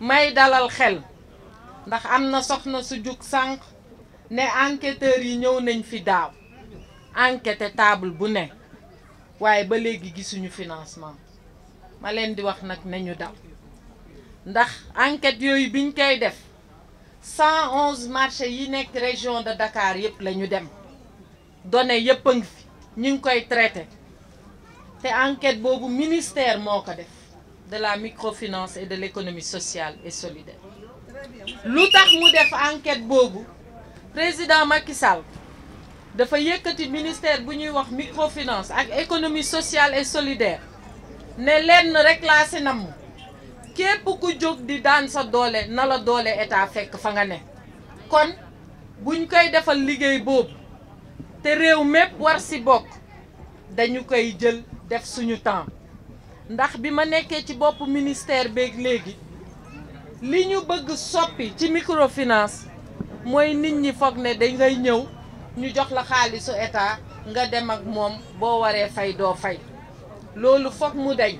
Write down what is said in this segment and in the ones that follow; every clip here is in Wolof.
may dalal xel ndax am na soxna su jug sànq ne enquêteurs yi ñëw nañ fi daaw enquête table bu ne waaye ba léegi gisuñu financement ma leen di wax nag nañu daw ndax enquête yooyu biñ koy def cent onze marché yi nekk région de Dakar yëpp la ñu dem données yëpp a ngi fi ñu ngi koy traité te enquête boobu ministère moo ko def de la microfinance et de l'économie sociale et solidaire lu tax def enquête bobu, président Macky Sall dafa yëkkati ministère bu wax microfinance ak économie sociale et solidaire ne lenn rek laa si namm képp ku jog di dans sa doole na la doole état fekk fa nga ne kon buñ koy defal liggéey boobu te réew mépp war si bok, dañu koy jël def suñu temps ndax bi ma nekkee ci bopp ministère beeg léegi li ñu bëgg soppi ci microfinance mooy nit ñi foog ne da ngay ñëw ñu jox la xaalisu état nga dem ak moom boo waree fay doo fay loolu foog mu dañ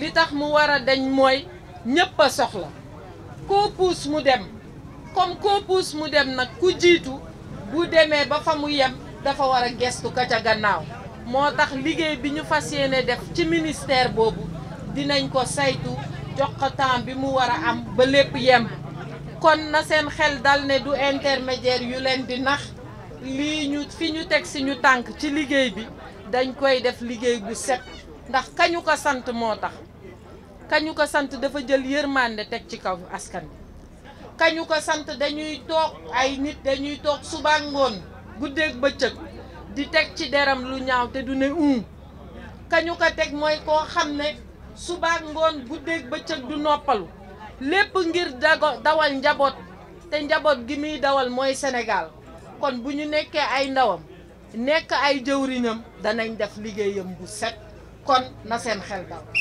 li tax mu war a dañ mooy ñëpp a soxla koo puus mu dem comme koo puus mu dem nag ku jiitu bu demee ba fa mu yem dafa war a gestu ko ca gannaaw motax liggey biñu fassiyene def ci ministère bobu dinañ ko saytu jox ko temps bi mu wara am ba lepp yem kon na seen xel dal ne du intermédiaire yu len di nax li ñu fi ñu tek si ñu tank ci liggey bi dañ koy def liggey bu set ndax kañu ko sant motax kañu ko sant dafa jël yermande tek ci kaw askan kañu ko sant dañuy tok ay nit dañuy tok suba ngone guddé ak beccëk di kan kan tek ci deram lu ñaaw te du ne um kañu ka tek moy ko xamne suba ngon gudde ak becc du noppalu lepp ngir dawal njabot te njabot gi mi dawal moy senegal kon buñu nekké ay ndawam nek ay jëwriñam danañ def liggéeyam bu set kon na seen xel dal